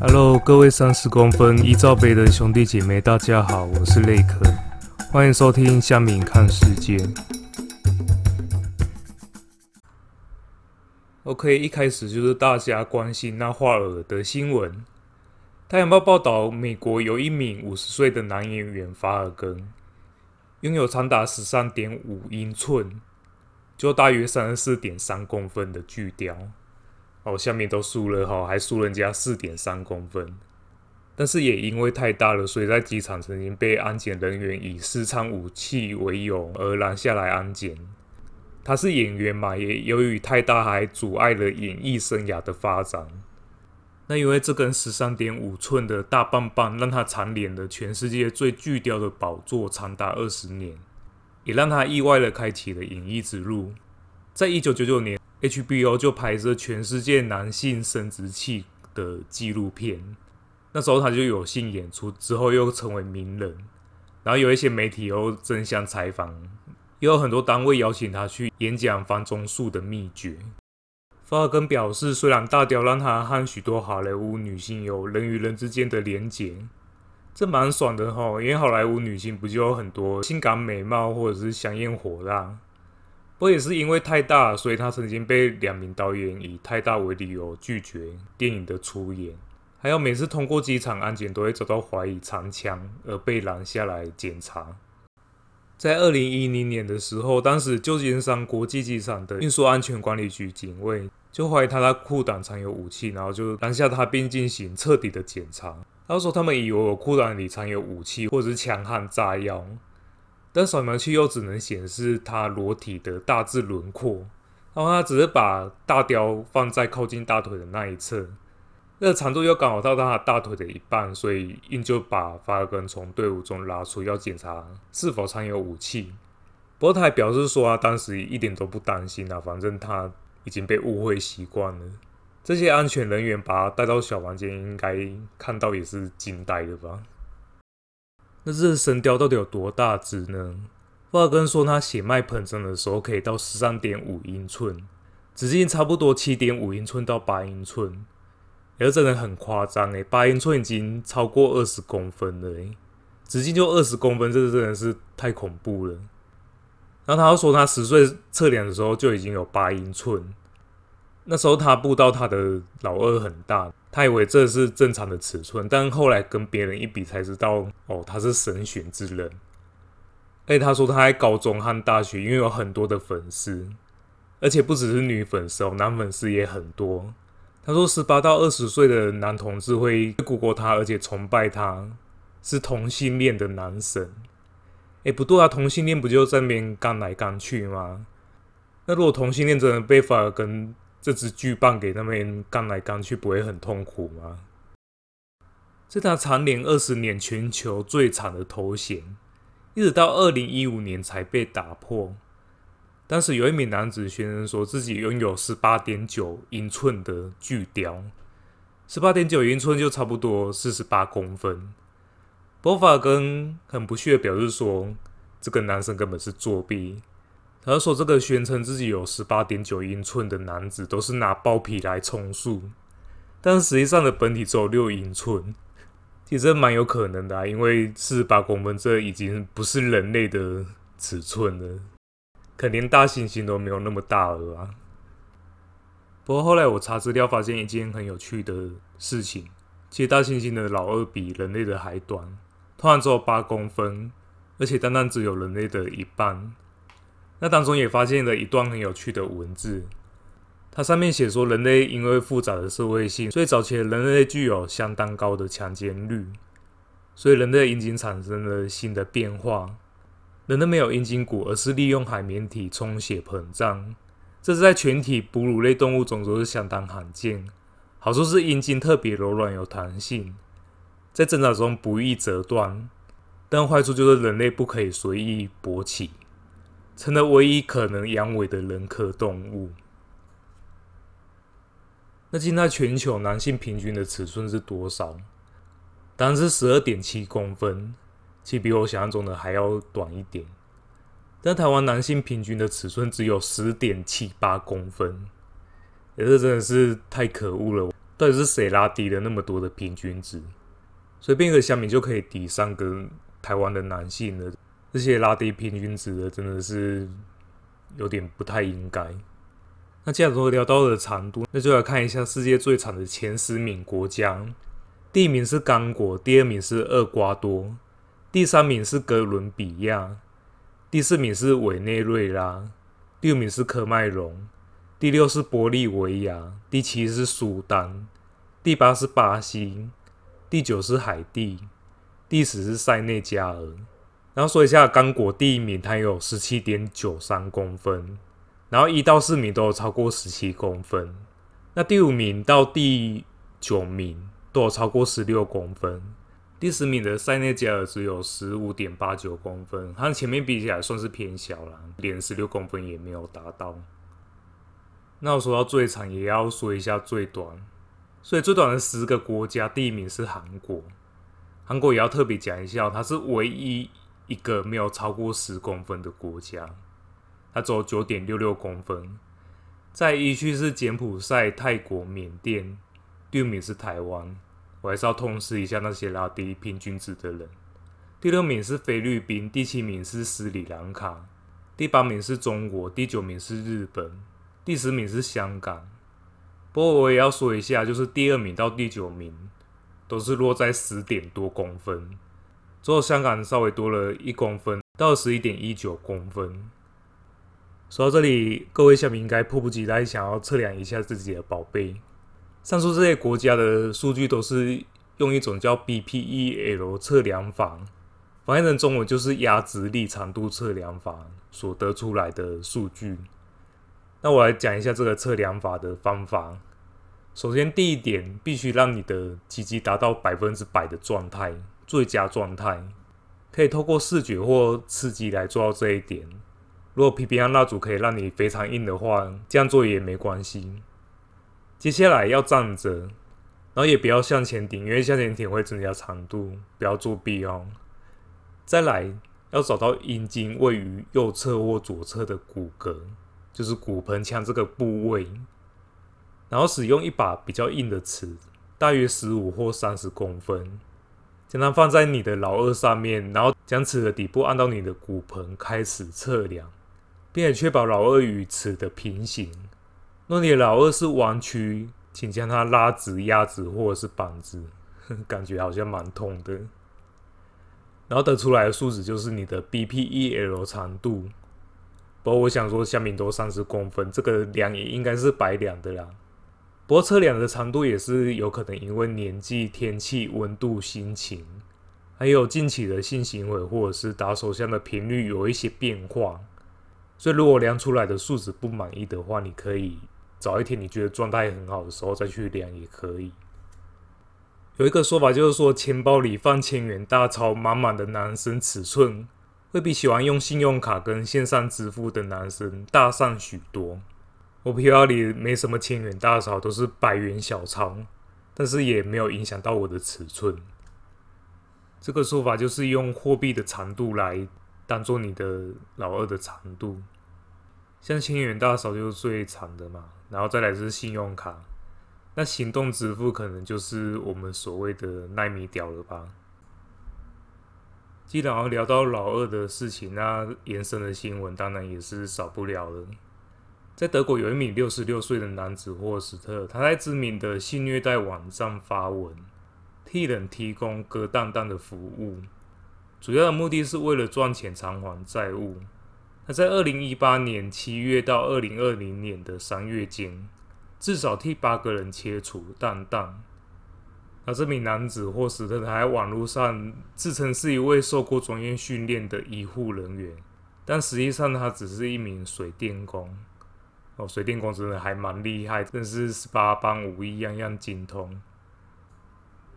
Hello，各位三十公分一罩杯的兄弟姐妹，大家好，我是內可，歡迎收聽《蝦米看世界》。OK，一開始就是大家關心那話兒的新聞。太陽報報道，美國有一名五十歲的男演員法爾根，擁有長達十三點五英寸，就大約三十四點三公分的巨雕。哦，下面都輸了哈，還輸人家四點三公分，但是也因為太大了，所以在機場曾經被安檢人員以私藏武器為由而攔下來安檢。他是演員嘛，也由於太大還阻礙了演藝生涯的發展。那因為這根十三點五寸的大棒棒，讓他蟬聯了全世界最巨雕的寶座長達二十年，也讓他意外的開啟了演藝之路。在一九九九年。HBO 就拍攝全世界男性生殖器的紀錄片，那時候他就有幸演出，之後又成為名人。然後有一些媒體又爭相採訪，也有很多單位邀請他去演講“房中術”的秘訣。法爾根表示，雖然大雕讓他和許多好萊塢女性有人與人之間的連結，這蠻爽的吼，因為好萊塢女性不就有很多性感美貌或者是香艷火辣？不過也是因為太大，所以他曾經被兩名導演以太大為理由拒絕電影的出演，還有每次通過機場安檢都會遭到懷疑藏槍而被攔下來檢查。在二零一零年的時候，當時舊金山國際機場的運輸安全管理局警衛就懷疑他的褲襠藏有武器，然後就攔下他並進行徹底的檢查。他說，他們以為我褲襠裡藏有武器或者是槍和炸藥。但掃描器又只能顯示他裸體的大致輪廓，然後他只是把大雕放在靠近大腿的那一側，那個長度又剛好到他的大腿的一半，所以印就把發根從隊伍中拉出，要檢查是否藏有武器。不過他還表示說他當時一點都不擔心，反正他已經被誤會習慣了。這些安全人員把他帶到小房間，應該看到也是驚呆了吧。那這神鵰到底有多大只呢？發根說，他血脈膨脹的時候可以到十三點五英寸，直徑差不多七點五英寸到八英寸，後、欸、真的很誇張誒，八英寸已經超過二十公分了誒、欸，直徑就二十公分，這真的是太恐怖了。然後他又說，他十歲測量的時候就已經有八英寸，那時候他步到他的老二很大。他以為這是正常的尺寸，但後來跟別人一比才知道，哦，他是神選之人。誒、欸，他說他在高中和大學因為有很多的粉絲，而且不只是女粉絲哦，男粉絲也很多。他說十八到二十歲的男同志會顧過他，而且崇拜他，是同性戀的男神。誒、欸，不對啊，同性戀不就在那邊幹來幹去嗎？那如果同性戀真的被法跟？這只巨棒給他們幹來幹去，不會很痛苦嗎？這他蟬聯二十年全球最慘的頭銜，一直到二零一五年才被打破。當時有一名男子宣稱說，自己擁有十八點九英寸的巨鵰，十八點九英寸就差不多四十八公分。伯法根跟很不屑地表示說，這個男生根本是作弊。而說：“這個宣稱自己有十八點九英寸的男子，都是拿包皮來充數，但實際上的本體只有六英寸，其實蠻有可能的啊，因為四十八公分這已經不是人類的尺寸了，肯定連大猩猩都沒有那麼大了啊。”不過後來我查資料，發現一件很有趣的事情，其實大猩猩的老二比人類的還短，突然只有八公分，而且單單只有人類的一半。那當中也發現了一段很有趣的文字，它上面寫說，人類因為複雜的社會性，最早期的人類具有相當高的強姦率，所以人類的陰莖產生了新的變化。人類沒有陰莖骨，而是利用海綿體充血膨脹，這是在全體哺乳類動物中都是相當罕見。好處是陰莖特別柔軟有彈性，在掙扎中不易折斷，但壞處就是人類不可以隨意勃起。成了唯一可能陽痿的人科動物。那現在全球男性平均的尺寸是多少？當然是十二點七公分，其實比我想象中的還要短一點。但台灣男性平均的尺寸只有十點七八公分，也是真的是太可惡了！到底是誰拉低了那麼多的平均值？隨便一個香米就可以抵三個台灣的男性了。這些拉低平均值的，真的是有點不太應該。那既然我們聊到了長度，那就來看一下世界最長的前十名國家。第一名是剛果，第二名是厄瓜多，第三名是哥倫比亞，第四名是委內瑞拉，第五名是喀麥隆，第六是玻利維亞，第七是蘇丹，第八是巴西，第九是海地，第十是塞內加爾。然後說一下，剛果第一名，它有十七點九三公分，然後一到四名都有超過十七公分，那第五名到第九名都有超過十六公分，第十名的塞內加爾只有十五點八九公分，它前面比起來算是偏小了，連十六公分也沒有達到。那我說到最長，也要說一下最短，所以最短的十個國家第一名是韓國，韓國也要特別講一下哦，它是唯一，一個沒有超過十公分的國家，它只有九點六六公分。再依序是柬埔寨、泰國、緬甸，第五名是台灣，我還是要痛斥一下那些拉低平均值的人。第六名是菲律賓，第七名是斯里蘭卡，第八名是中國，第九名是日本，第十名是香港。不過我也要說一下，就是第二名到第九名都是落在十點多公分。之後香港稍微多了一公分，到十一點一九公分。說到這裡，各位下面應該迫不及待想要測量一下自己的寶貝。上述這些國家的數據都是用一種叫 BPEL 測量法，翻譯成中文就是壓直力長度測量法所得出來的數據。那我來講一下這個測量法的方法。首先，第一點，必須讓你的 GG 達到百分之百的狀態。最佳狀態，可以透過視覺或刺激來做到這一點。如果 P P R 蠟燭可以讓你非常硬的話，這樣做也沒關係。接下來要站着，然後也不要向前頂，因為向前頂會增加長度，不要作弊哦。再來，要找到陰莖位於右側或左側的骨骼，就是骨盆腔這個部位，然後使用一把比較硬的尺，大約十五或三十公分。將它放在你的老二上面，然後將尺的底部按到你的骨盆開始測量，並且確保老二與尺的平行。若你的老二是彎曲，請將它拉直、壓直或者是綁直，呵呵，感覺好像蠻痛的。然後得出來的數值就是你的 BPEL 長度。不過我想說，下面都三十公分，這個量也應該是白量的啦。不過測量的長度也是有可能因為年紀、天氣、溫度、心情，還有近期的性行為或者是打手槍的頻率有一些變化，所以如果量出來的數值不滿意的話，你可以找一天你覺得狀態很好的時候再去量也可以。有一個說法就是說，錢包裡放千元大鈔滿滿的男生尺寸，會比喜歡用信用卡跟線上支付的男生大上許多。我皮包裡沒什麼千元大鈔，都是百元小鈔，但是也沒有影響到我的尺寸。這個說法就是用貨幣的長度來當做你的老二的長度，像千元大鈔就是最長的嘛，然後再來是信用卡，那行動支付可能就是我們所謂的奈米屌了吧。既然要聊到老二的事情，那延伸的新聞當然也是少不了了。在德國有一名六十六歲的男子霍斯特，他在知名的性虐待網站發文，替人提供割蛋蛋的服務，主要的目的是為了賺錢償還債務。他在二零一八年七月到二零二零年的三月間，至少替八個人切除蛋蛋。那這名男子霍斯特他在網絡上自稱是一位受過專業訓練的醫護人員，但實際上他只是一名水電工。哦，水電工程師還蠻厲害，真是十八般武藝，樣樣精通。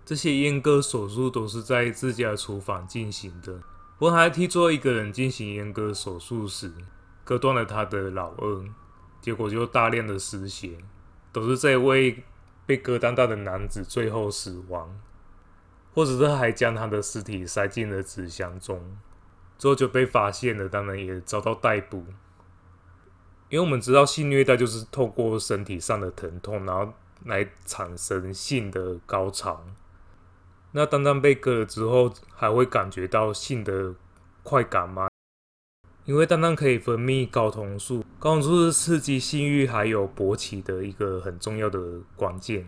這些閹割手術都是在自家廚房進行的。不過他還替做一個人進行閹割手術時，割斷了他的老二，結果就大量的失血，都是在為被割斷大的男子最後死亡，或者是還將他的屍體塞進了紙箱中，之後就被發現了，當然也遭到逮捕。因為我們知道性虐待就是透過身體上的疼痛，然後來產生性的高潮。那蛋蛋被割了之後，還會感覺到性的快感嗎？因為蛋蛋可以分泌睾酮素，睾酮素是刺激性慾還有勃起的一個很重要的關鍵。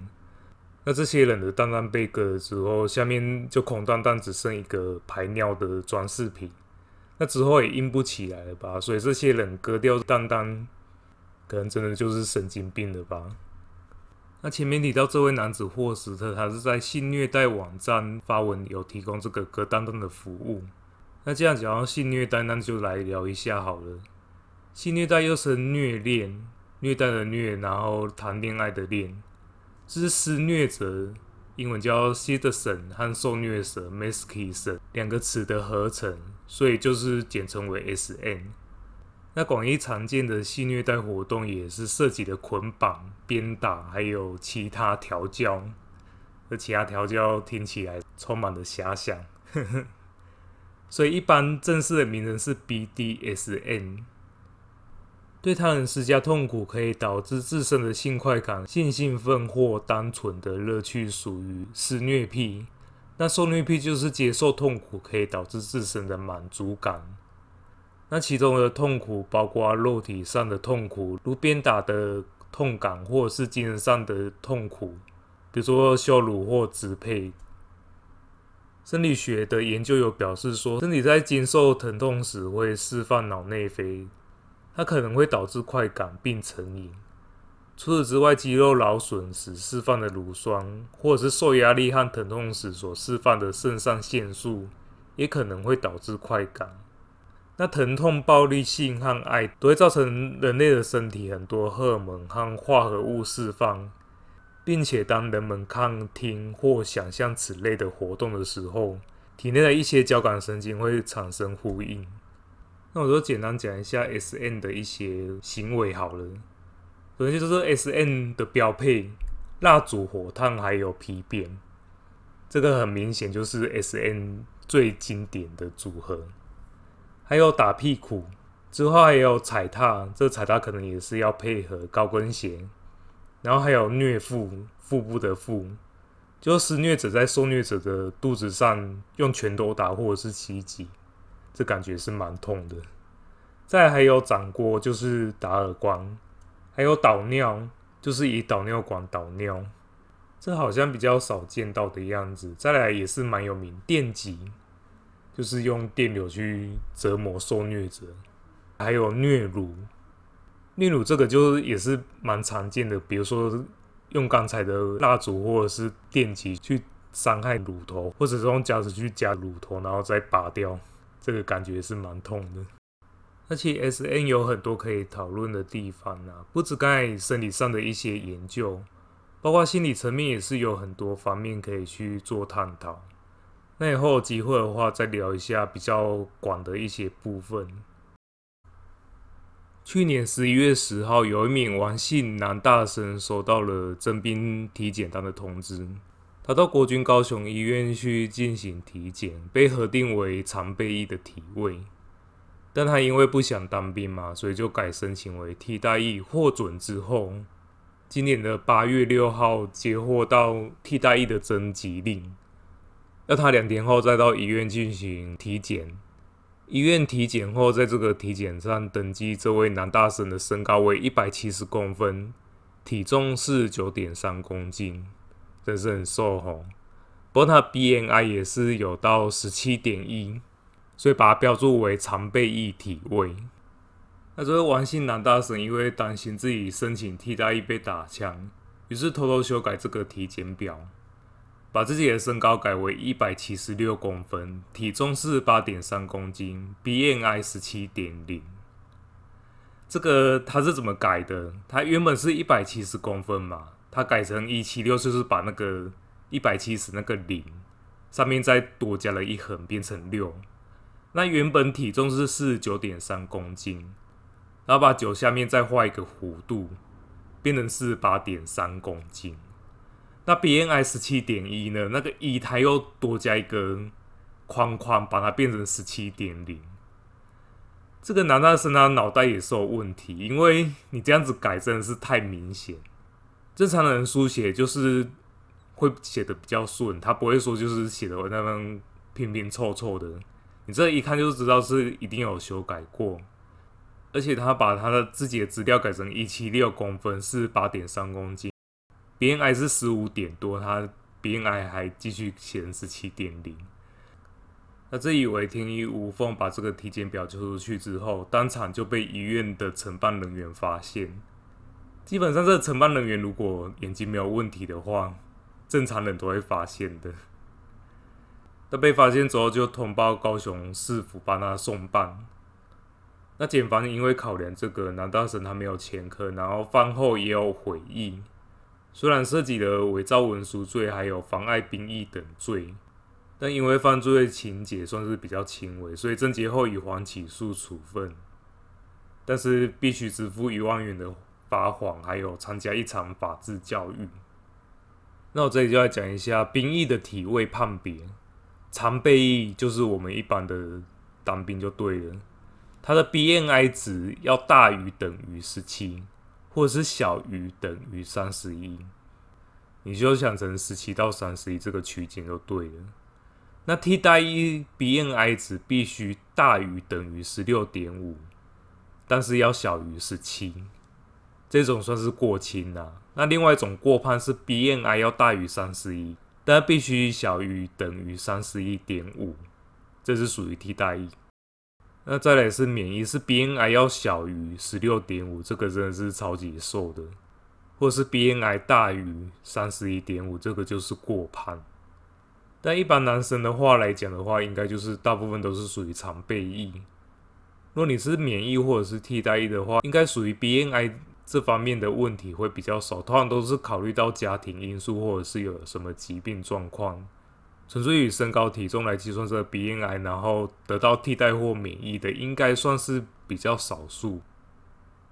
那這些人的蛋蛋被割了之後，下面就空蕩蕩只剩一個排尿的裝飾品。那之後也硬不起來了吧？所以這些人割掉蛋蛋，可能真的就是神經病了吧？那前面提到這位男子霍斯特，他是在性虐待網站發文，有提供這個割蛋蛋的服務。那這樣講到性虐待，那就來聊一下好了。性虐待又稱虐戀，虐待的虐，然後談戀愛的戀，這是施虐者，英文叫 sadist 和受虐者 masochist 兩個詞的合成。所以就是簡稱為 S M。那廣義常見的性虐待活動也是涉及的捆綁、鞭打，還有其他調教。而其他調教聽起來充滿了遐想。 所以一般正式的名人是 B D S M。對他人施加痛苦可以導致自身的性快感、性興奮或單純的樂趣，屬於施虐癖。那受虐癖就是接受痛苦可以導致自身的滿足感。那其中的痛苦包括肉體上的痛苦，如鞭打的痛感，或是精神上的痛苦，比如說羞辱或支配。生理學的研究有表示說，身體在經受疼痛時會釋放腦內啡，它可能會導致快感並成癮。除此之外，肌肉勞損時釋放的乳酸，或者是受壓力和疼痛時所釋放的腎上腺素，也可能會導致快感。那疼痛、暴力性和愛都會造成人類的身體很多荷爾蒙和化合物釋放，並且當人們看、聽或想象此類的活動的時候，體內的一些交感神經會產生呼應。那我就簡單講一下 SM 的一些行為好了。首先就是 SM 的標配蠟燭、火炭還有皮鞭，這個很明顯就是 SM 最經典的組合。還有打屁股，之後還有踩踏，這個、踩踏可能也是要配合高跟鞋。然後還有虐腹，腹部的腹，就是施虐者在受虐者的肚子上用拳頭打或者是襲擊，這感覺是蠻痛的。再來還有掌摑，就是打耳光。還有導尿，就是以導尿管導尿，這好像比較少見到的樣子。再來也是蠻有名，電擊，就是用電流去折磨受虐者。還有虐乳，虐乳這個就是也是蠻常見的，比如說用剛才的蠟燭或者是電擊去傷害乳頭，或者是用夾子去夾乳頭，然後再拔掉，這個感覺是蠻痛的。而且 SM 有很多可以討論的地方啊，不止剛才生理上的一些研究，包括心理層面也是有很多方面可以去做探討。那以後有機會的話，再聊一下比較廣的一些部分。去年十一月十號，有一名王姓男大生收到了徵兵體檢單的通知，他到國軍高雄醫院去進行體檢，被核定為常備役的體位。但他因為不想當兵嘛，所以就改申請為替代役。獲准之後，今年的八月六號接獲到替代役的徵集令，要他兩天後再到醫院進行體檢。醫院體檢後，在這個體檢上登記，這位男大生的身高為一百七十公分，體重是四十九點三公斤，真是很瘦哦。不過他 BMI 也是有到十七點一。所以把它標註為常備役體位。那這個王姓男大生因為擔心自己申請替代役被打槍，於是偷偷修改這個體檢表，把自己的身高改為一百七十六公分，體重是四十八點三公斤，B M I 十七點零。這個他是怎麼改的？他原本是一百七十公分嘛，他改成一七六，就是把那個一百七十那個零上面再多加了一橫，變成六。那原本體重是四十九點三公斤，然後把九下面再畫一個弧度，變成四十八點三公斤。那 BMI 十七點一呢？那個一，他又多加一個框框，把它變成十七點零。這個男大生他腦袋也是有問題，因為你這樣子改真的是太明顯。正常的人書寫就是會寫得比較順，他不會說就是寫的那麼拼拼湊湊的。你這一看就知道是一定有修改過，而且他把他的自己的資料改成一七六公分，是八點三公斤，BMI 是十五點多，他 BMI 還繼續寫十七點零，他自以為天衣無縫，把這個體檢表交出去之後，當場就被醫院的承辦人員發現，基本上這承辦人員如果眼睛沒有問題的話，正常人都會發現的。那被發現之後，就通報高雄市府幫他送辦。那檢方因為考量這個男大生，他沒有前科，然後犯後也有悔意，雖然涉及了偽造文書罪，還有妨礙兵役等罪，但因為犯罪的情節算是比較輕微，所以偵結後以緩起訴處分。但是必須支付一萬元的罰款，還有參加一場法制教育。那我這裡就要講一下兵役的體位判別。常備役就是我們一般的當兵就對了，它的 BMI 值，要大於等於十七，或者是小於等於三十一，你就想成十七到三十一這個區間就對了。那替代役 BMI 值必須大於等於十六點五，但是要小於十七，這種算是過輕啦、啊，那另外一種過胖是 BMI 要大於三十一。但必須小於等於三十一點五，這是屬於替代役。那再來是免疫，是 BMI 要小於十六點五，這個真的是超級瘦的。或是 BMI 大於三十一點五，這個就是過胖。但一般男生的話來講的話，應該就是大部分都是屬於常備役。如果你是免疫或者是替代役的話，應該屬於 BMI。這方面的問題會比較少，通常都是考慮到家庭因素或者是有什麼疾病狀況，純粹以身高體重來計算這個 BMI，然後得到替代或免役的，應該算是比較少數。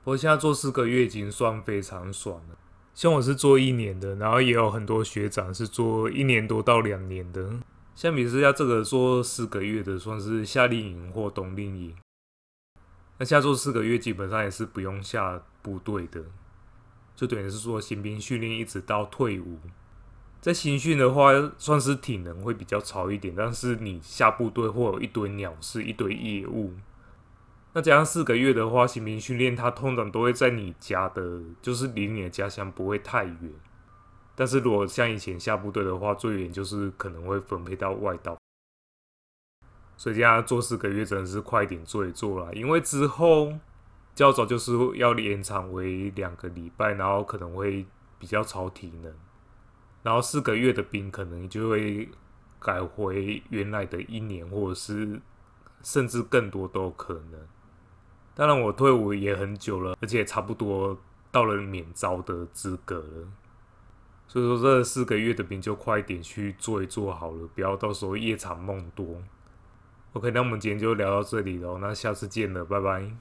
不過現在做四個月已經算非常爽了，像我是做一年的，然後也有很多學長是做一年多到兩年的，相比之下這個做四個月的算是夏令營或冬令營。那現在做四個月基本上也是不用下部隊的，就等於是說新兵訓練一直到退伍，在新訓的話，算是體能會比較潮一點。但是你下部隊會有一堆鳥事一堆業務。那加上四個月的話，新兵訓練它通常都會在你家的，就是離你的家鄉不會太遠。但是如果像以前下部隊的話，最遠就是可能會分配到外島。所以現在做四個月，真的是快一點做一做啦，因為之後。教召就是要延長為兩個禮拜，然後可能會比較操體能，然後四個月的兵可能就會改回原來的一年，或者是甚至更多都有可能。當然，我退伍也很久了，而且差不多到了免召的資格了，所以說這四個月的兵就快點去做一做好了，不要到時候夜長夢多。OK，那我們今天就聊到這裡嘍，那下次見了，拜拜。